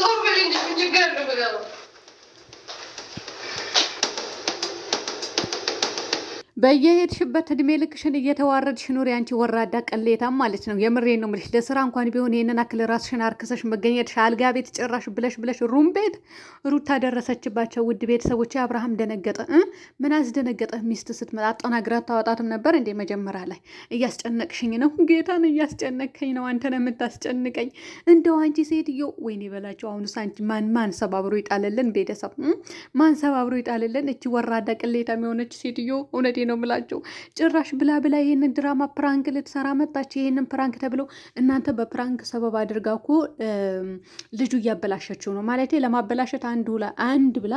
ዞር በል እንጂ ችግር አለው ነው በየሄድሽበት እድሜ ልክሽን እየተዋረድሽ ኑሪ፣ አንቺ ወራዳ ቀሌታም ማለት ነው። የምሬ ነው የምልሽ። ለስራ እንኳን ቢሆን ይህንን አክል ራስሽን አርክሰሽ መገኘትሽ አልጋ ቤት ጭራሽ ብለሽ ብለሽ ሩም ቤት ሩታ ደረሰችባቸው። ውድ ቤተሰቦች አብርሃም ደነገጠ። ምን አስደነገጠ? ሚስት ስትመጣ አጠናግራት ታወጣትም ነበር እንዴ? መጀመሪያ ላይ እያስጨነቅሽኝ ነው፣ ጌታን እያስጨነቀኝ ነው። አንተን የምታስጨንቀኝ እንደው አንቺ ሴትዮ፣ ወይኔ በላቸው። አሁኑ ሳንቺ ማን ማን ሰባብሮ ይጣልልን? ቤተሰብ ማን ሰባብሮ ይጣልልን? እቺ ወራዳ ቅሌታ የሆነች ሴትዮ እውነቴ ነው ነው የምላቸው። ጭራሽ ብላ ብላ ይህንን ድራማ ፕራንክ ልትሰራ መጣች። ይህንን ፕራንክ ተብሎ እናንተ በፕራንክ ሰበብ አድርጋ እኮ ልጁ እያበላሸችው ነው ማለት ለማበላሸት አንድ ብላ አንድ ብላ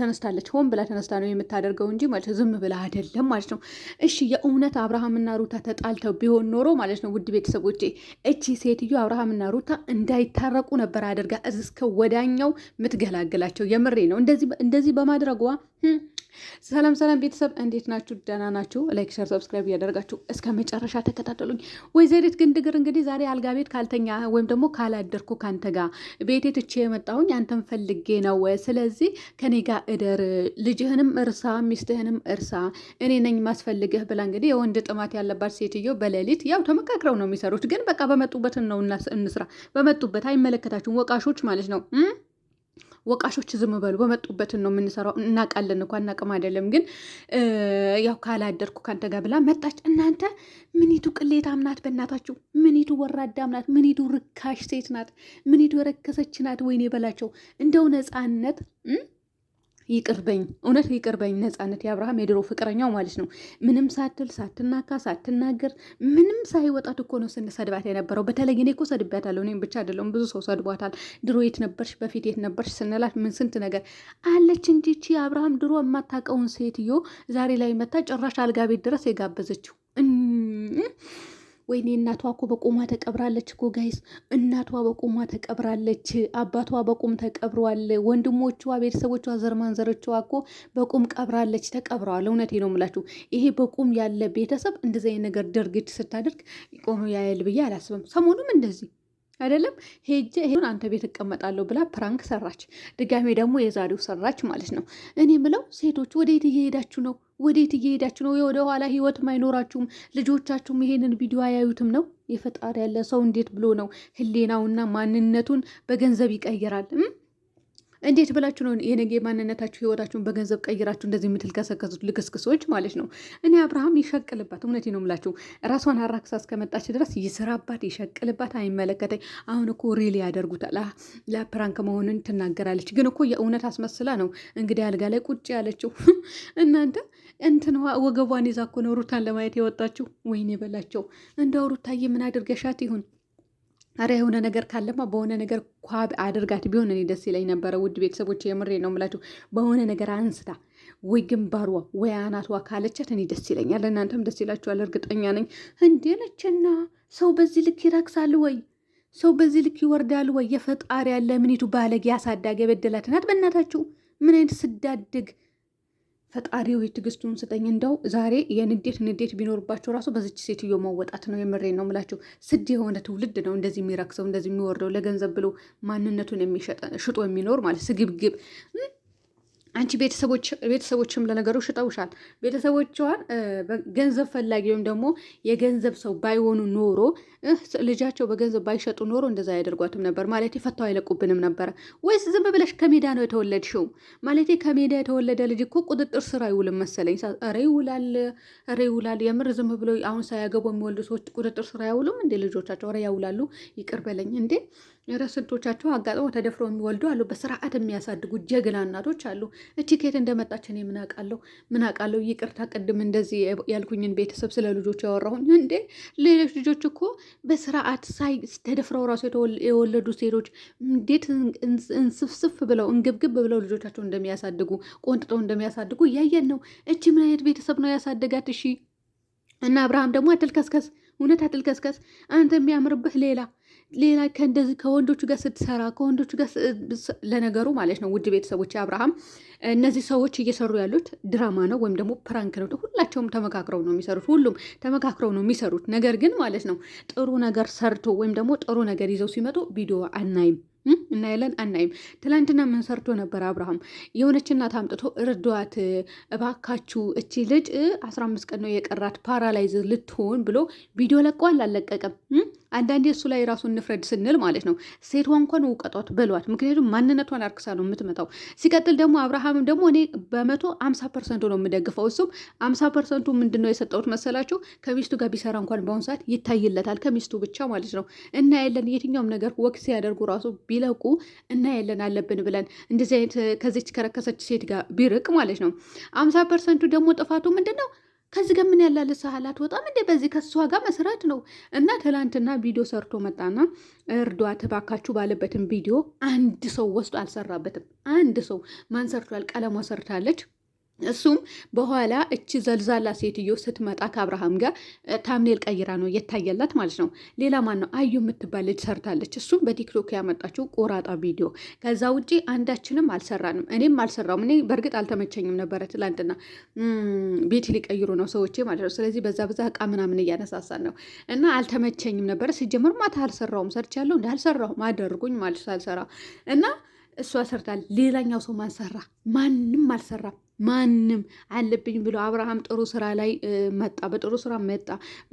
ተነስታለች። ሆን ብላ ተነስታ ነው የምታደርገው እንጂ ማለት ዝም ብላ አይደለም ማለት ነው። እሺ የእውነት አብርሃምና ሩታ ተጣልተው ቢሆን ኖሮ ማለት ነው ውድ ቤተሰቦቼ እቺ ሴትዮ አብርሃምና ሩታ እንዳይታረቁ ነበር አድርጋ እስከ ወዳኛው ምትገላግላቸው። የምሬ ነው እንደዚህ በማድረጓ ሰላም ሰላም ቤተሰብ እንዴት ናችሁ? ደህና ናችሁ? ላይክ፣ ሸር፣ ሰብስክራይብ እያደረጋችሁ እስከ መጨረሻ ተከታተሉኝ። ወይዘሪት ግንድግር እንግዲህ ዛሬ አልጋ ቤት ካልተኛ ወይም ደግሞ ካላደርኩ ካንተ ጋር ቤቴ ትቼ የመጣሁኝ አንተን ፈልጌ ነው። ስለዚህ ከኔ ጋር እደር፣ ልጅህንም እርሳ፣ ሚስትህንም እርሳ፣ እኔ ነኝ ማስፈልግህ ብላ እንግዲህ የወንድ ጥማት ያለባት ሴትዮ በሌሊት ያው ተመካክረው ነው የሚሰሩት። ግን በቃ በመጡበት ነው እንስራ፣ በመጡበት አይመለከታችሁም፣ ወቃሾች ማለት ነው። ወቃሾች ዝም በሉ፣ በመጡበትን ነው የምንሰራው። እናቃለን እኮ አናቅም አይደለም ግን ያው ካላደርኩ ካንተ ጋር ብላ መጣች። እናንተ ምኒቱ ቅሌታም ናት፣ በእናታችሁ ምኒቱ ወራዳም ናት፣ ምኒቱ ርካሽ ሴት ናት፣ ምኒቱ የረከሰች ናት። ወይኔ በላቸው እንደው ነፃነት ይቅርበኝ፣ እውነት ይቅርበኝ። ነፃነት የአብርሃም የድሮ ፍቅረኛው ማለት ነው። ምንም ሳትል ሳትናካ ሳትናገር ምንም ሳይወጣት እኮ ነው ስንሰድባት የነበረው። በተለይ እኔ እኮ ሰድቤያታለሁ። እኔም ብቻ አይደለሁም ብዙ ሰው ሰድቧታል። ድሮ የት ነበርሽ፣ በፊት የት ነበርሽ ስንላት ምን ስንት ነገር አለች እንጂ ይቺ ድሮ የማታውቀውን ሴትዮ ዛሬ ላይ መታ ጭራሽ አልጋ ቤት ድረስ የጋበዘችው ወይኔ እናቷ እኮ በቁሟ ተቀብራለች እኮ ጋይስ፣ እናቷ በቁሟ ተቀብራለች፣ አባቷ በቁም ተቀብሯል፣ ወንድሞቿ፣ ቤተሰቦቿ፣ ዘርማንዘሮቿ እኮ በቁም ቀብራለች፣ ተቀብረዋል። እውነቴ ነው የምላችሁ። ይሄ በቁም ያለ ቤተሰብ እንደዚህ ነገር ድርጊት ስታደርግ ቆሞ ያያል ብዬ አላስብም። ሰሞኑም እንደዚህ አይደለም ሄጄ ይሄን አንተ ቤት እቀመጣለሁ ብላ ፕራንክ ሰራች። ድጋሜ ደግሞ የዛሬው ሰራች ማለት ነው። እኔ ምለው ሴቶች ወዴት እየሄዳችሁ ነው? ወዴት እየሄዳችሁ ነው? ወደኋላ ህይወትም አይኖራችሁም። ልጆቻችሁም ይሄንን ቪዲዮ አያዩትም ነው። የፈጣሪ ያለ ሰው እንዴት ብሎ ነው ህሌናውና ማንነቱን በገንዘብ ይቀይራል? እንዴት ብላችሁ ነው የነገ ማንነታችሁ ህይወታችሁን በገንዘብ ቀይራችሁ እንደዚህ የምትልከሰከሱት ልክስክሶች ማለት ነው? እኔ አብርሃም ይሸቅልባት፣ እውነቴ ነው የምላችሁ። ራሷን አራክሳ እስከመጣች ድረስ ይስራባት፣ ይሸቅልባት፣ አይመለከተኝ። አሁን እኮ ሪል ያደርጉታል። ለፕራንክ መሆኑን ትናገራለች፣ ግን እኮ የእውነት አስመስላ ነው እንግዲህ አልጋ ላይ ቁጭ ያለችው። እናንተ እንትን ወገቧን ይዛ እኮ ነው ሩታን ለማየት የወጣችሁ። ወይኔ በላቸው። እንደ ሩታዬ ምን አድርገሻት ይሁን? አረ የሆነ ነገር ካለማ በሆነ ነገር ኳብ አድርጋት ቢሆን እኔ ደስ ይለኝ ነበረ። ውድ ቤተሰቦች የምሬ ነው የምላችሁ። በሆነ ነገር አንስታ ወይ ግንባሯ ወይ አናቷ ካለቻት እኔ ደስ ይለኛል፣ እናንተም ደስ ይላችኋል እርግጠኛ ነኝ። እንዴ ነችና ሰው በዚህ ልክ ይረክሳል ወይ? ሰው በዚህ ልክ ይወርዳል ወይ? የፈጣሪ ያለ ምኒቱ ባለጌ አሳዳጊ የበደላት ናት። በእናታችሁ ምን አይነት ስዳድግ ፈጣሪው የትግስቱን ስጠኝ። እንደው ዛሬ የንዴት ንዴት ቢኖርባቸው ራሱ በዚች ሴትዮ መወጣት ነው። የምሬ ነው ምላቸው ስድ የሆነ ትውልድ ነው እንደዚህ የሚረክሰው እንደዚህ የሚወርደው ለገንዘብ ብሎ ማንነቱን ሽጦ የሚኖር ማለት ስግብግብ አንቺ ቤተሰቦችም ለነገሩ ሽጠውሻል። ቤተሰቦቿን ገንዘብ ፈላጊ ወይም ደግሞ የገንዘብ ሰው ባይሆኑ ኖሮ ልጃቸው በገንዘብ ባይሸጡ ኖሮ እንደዛ አያደርጓትም ነበር ማለት ፈታው አይለቁብንም ነበረ። ወይስ ዝም ብለሽ ከሜዳ ነው የተወለድሽው? ማለት ከሜዳ የተወለደ ልጅ እኮ ቁጥጥር ስር አይውልም መሰለኝ። ኧረ ይውላል፣ ኧረ ይውላል። የምር ዝም ብሎ አሁን ሳያገቡ የሚወልዱ ሰዎች ቁጥጥር ስር አይውሉም እንዴ ልጆቻቸው? ኧረ ያውላሉ። ይቅር በለኝ እንዴ ኧረ ስንቶቻቸው አጋጥሞ ተደፍረው የሚወልዱ አሉ። በስርዓት የሚያሳድጉ ጀግና እናቶች አሉ። እቺ ከየት እንደመጣች እኔ ምን አውቃለሁ ምን አውቃለሁ። ይቅርታ ቅድም እንደዚህ ያልኩኝን ቤተሰብ ስለ ልጆች ያወራሁኝ እንዴ። ሌሎች ልጆች እኮ በስርዓት ሳይ ተደፍረው ራሱ የወለዱ ሴቶች እንዴት እንስፍስፍ ብለው እንግብግብ ብለው ልጆቻቸው እንደሚያሳድጉ ቆንጥጠው እንደሚያሳድጉ እያየን ነው። እቺ ምን አይነት ቤተሰብ ነው ያሳደጋት? እሺ እና አብርሃም ደግሞ አትልከስከስ፣ እውነት አትልከስከስ። አንተ የሚያምርብህ ሌላ ሌላ ከእንደዚህ ከወንዶቹ ጋር ስትሰራ ከወንዶቹ ጋር ለነገሩ ማለት ነው። ውድ ቤተሰቦች አብርሃም፣ እነዚህ ሰዎች እየሰሩ ያሉት ድራማ ነው ወይም ደግሞ ፕራንክ ነው። ሁላቸውም ተመካክረው ነው የሚሰሩት። ሁሉም ተመካክረው ነው የሚሰሩት። ነገር ግን ማለት ነው ጥሩ ነገር ሰርቶ ወይም ደግሞ ጥሩ ነገር ይዘው ሲመጡ ቪዲዮ አናይም። እናያለን አናይም። ትላንትና ምን ሰርቶ ነበር አብርሃም? የሆነች እናት አምጥቶ እርዷት እባካችሁ፣ እቺ ልጅ አስራ አምስት ቀን ነው የቀራት ፓራላይዝ ልትሆን ብሎ ቪዲዮ ለቋል። አልለቀቀም። አንዳንዴ እሱ ላይ ራሱን እንፍረድ ስንል ማለት ነው። ሴቷ እንኳን እውቀቷት በሏት፣ ምክንያቱም ማንነቷን አርክሳ ነው የምትመጣው። ሲቀጥል ደግሞ አብርሃምም ደግሞ እኔ በመቶ አምሳ ፐርሰንቱ ነው የምደግፈው። እሱም አምሳ ፐርሰንቱ ምንድን ነው የሰጠሁት መሰላችሁ? ከሚስቱ ጋር ቢሰራ እንኳን በአሁኑ ሰዓት ይታይለታል፣ ከሚስቱ ብቻ ማለት ነው። እናያለን የትኛውም ነገር ወቅት ሲያደርጉ ራሱ ቢለቁ እና ያለን አለብን ብለን እንደዚህ አይነት ከዚች ከረከሰች ሴት ጋር ቢርቅ ማለት ነው። አምሳ ፐርሰንቱ ደግሞ ጥፋቱ ምንድን ነው? ከዚህ ጋር ምን ያላል ሰሃላት ወጣም እንዴ በዚህ ከሷ ጋር መስራት ነው። እና ትላንትና ቪዲዮ ሰርቶ መጣና እርዷ ተባካችሁ ባለበትም ቪዲዮ አንድ ሰው ወስዶ አልሰራበትም። አንድ ሰው ማን ሰርቷል? ቀለሟ ሰርታለች። እሱም በኋላ እቺ ዘልዛላ ሴትዮ ስትመጣ ከአብርሃም ጋር ታምኔል ቀይራ ነው የታየላት ማለት ነው። ሌላ ማን ነው አዩ የምትባል ልጅ ሰርታለች። እሱም በቲክቶክ ያመጣችው ቆራጣ ቪዲዮ። ከዛ ውጪ አንዳችንም አልሰራንም፣ እኔም አልሰራውም። እኔ በእርግጥ አልተመቸኝም ነበረ። ትላንትና ቤት ሊቀይሩ ነው ሰዎች ማለት ነው። ስለዚህ በዛ በዛ እቃ ምናምን እያነሳሳን ነው እና አልተመቸኝም ነበረ። ሲጀምር ማታ አልሰራውም፣ ሰርቻለሁ እንደ አልሰራሁም አደርጉኝ ማለት አልሰራ እና እሷ ሰርታል። ሌላኛው ሰው ማንሰራ ማንም አልሰራም። ማንም አለብኝ ብሎ አብርሃም ጥሩ ስራ ላይ መጣ፣ በጥሩ ስራ መጣ፣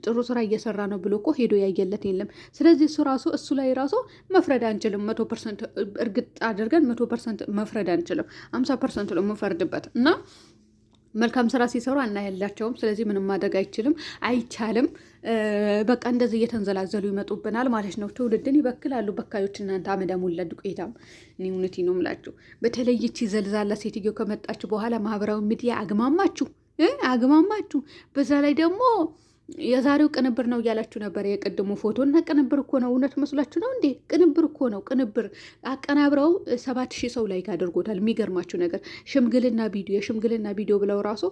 ጥሩ ስራ እየሰራ ነው ብሎ እኮ ሄዶ ያየለት የለም። ስለዚህ እሱ ራሱ እሱ ላይ ራሱ መፍረድ አንችልም። መቶ ፐርሰንት እርግጥ አድርገን መቶ ፐርሰንት መፍረድ አንችልም። አምሳ ፐርሰንት ነው የምንፈርድበት እና መልካም ስራ ሲሰሩ አናያላቸውም። ስለዚህ ምንም ማደግ አይችልም አይቻልም። በቃ እንደዚህ እየተንዘላዘሉ ይመጡብናል ማለት ነው። ትውልድን ይበክላሉ በካዮች እናንተ አመዳም ወለድ ቆይታም እኔ ነው የምላችሁ። በተለይ ይቺ ዘልዛላ ሴትዮ ከመጣችሁ በኋላ ማህበራዊ ሚዲያ አግማማችሁ አግማማችሁ። በዛ ላይ ደግሞ የዛሬው ቅንብር ነው እያላችሁ ነበር። የቅድሙ ፎቶ እና ቅንብር እኮ ነው። እውነት መስሏችሁ ነው እንዴ? ቅንብር እኮ ነው። ቅንብር አቀናብረው ሰባት ሺህ ሰው ላይክ አድርጎታል። የሚገርማችሁ ነገር ሽምግልና ቪዲዮ፣ የሽምግልና ቪዲዮ ብለው ራሱ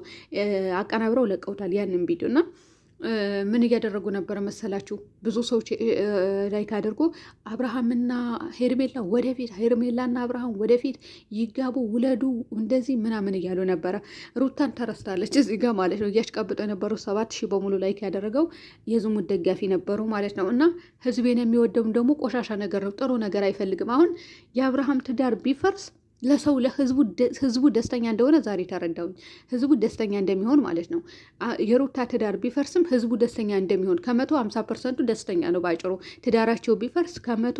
አቀናብረው ለቀውታል ያንን ቪዲዮ እና ምን እያደረጉ ነበረ መሰላችሁ? ብዙ ሰዎች ላይክ አድርጎ አብርሃምና ሄርሜላ ወደፊት ሄርሜላና አብርሃም ወደፊት ይጋቡ፣ ውለዱ፣ እንደዚህ ምናምን እያሉ ነበረ። ሩታን ተረስታለች እዚህ ማለት ነው። እያሽቃብጦ የነበረው ሰባት ሺህ በሙሉ ላይክ ያደረገው የዝሙት ደጋፊ ነበሩ ማለት ነው። እና ህዝቤን የሚወደውም ደግሞ ቆሻሻ ነገር ነው፣ ጥሩ ነገር አይፈልግም። አሁን የአብርሃም ትዳር ቢፈርስ ለሰው ለህዝቡ ደስተኛ እንደሆነ ዛሬ ተረዳውኝ። ህዝቡ ደስተኛ እንደሚሆን ማለት ነው። የሩታ ትዳር ቢፈርስም ህዝቡ ደስተኛ እንደሚሆን ከመቶ ሀምሳ ፐርሰንቱ ደስተኛ ነው። ባጭሩ ትዳራቸው ቢፈርስ ከመቶ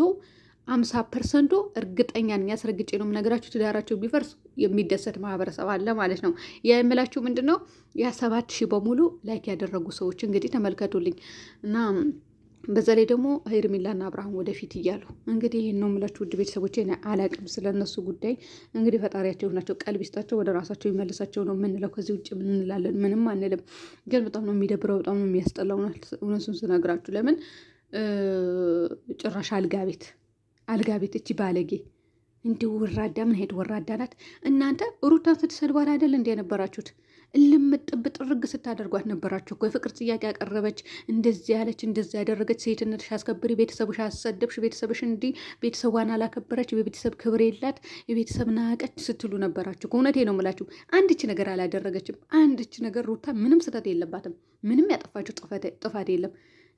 አምሳ ፐርሰንቱ እርግጠኛ ነኝ፣ አስረግጬ ነው የምነግራችሁ። ትዳራቸው ቢፈርስ የሚደሰት ማህበረሰብ አለ ማለት ነው። የምላችሁ ምንድን ነው ያ ሰባት ሺህ በሙሉ ላይክ ያደረጉ ሰዎች እንግዲህ ተመልከቱልኝ እና በዛ ላይ ደግሞ ሄርሜላና አብርሃም ወደፊት እያሉ እንግዲህ ይህን ነው የምላችሁ ውድ ቤተሰቦች፣ አላቅም ስለነሱ ጉዳይ እንግዲህ ፈጣሪያቸው የሆናቸው ቀልብ ይስጣቸው፣ ወደ ራሳቸው ይመልሳቸው ነው የምንለው። ከዚህ ውጭ ምን እንላለን? ምንም አንልም። ግን በጣም ነው የሚደብረው፣ በጣም ነው የሚያስጠላው። እውነቱን ስነግራችሁ ለምን ጭራሽ አልጋ ቤት አልጋ ቤት እቺ ባለጌ እንዲሁ ወራዳ ምን ሄድ ወራዳ ናት። እናንተ ሩታን ስትሰድባል አይደል እንዲ የነበራችሁት ልምጥብጥ ርግ ስታደርጓት ነበራችሁ እኮ። የፍቅር ጥያቄ ያቀረበች እንደዚህ ያለች እንደዚህ ያደረገች፣ ሴትነትሽ አስከብሪ፣ ቤተሰብሽ አሰደብሽ፣ ቤተሰብሽ እንዲህ ቤተሰቧን አላከበረች፣ የቤተሰብ ክብር የላት፣ የቤተሰብ ናቀች ስትሉ ነበራችሁ። እውነቴ ነው የምላችሁ። አንድች ነገር አላደረገችም። አንድች ነገር ሩታ ምንም ስህተት የለባትም። ምንም ያጠፋችሁ ጥፋት የለም።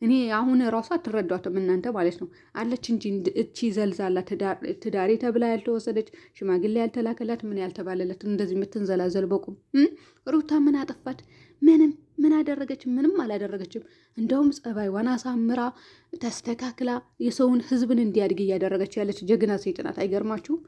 እኔ አሁን ራሱ አትረዷትም እናንተ ማለት ነው አለች እንጂ እቺ ዘልዛላ ትዳሬ ተብላ ያልተወሰደች ሽማግሌ ያልተላከላት ምን ያልተባለለት እንደዚህ የምትንዘላዘል በቁም ሩታ ምን አጠፋት ምንም ምን አደረገች? ምንም አላደረገችም። እንደውም ጸባይዋን አሳምራ ተስተካክላ የሰውን ህዝብን እንዲያድግ እያደረገች ያለች ጀግና ሴት ናት። አይገርማችሁም?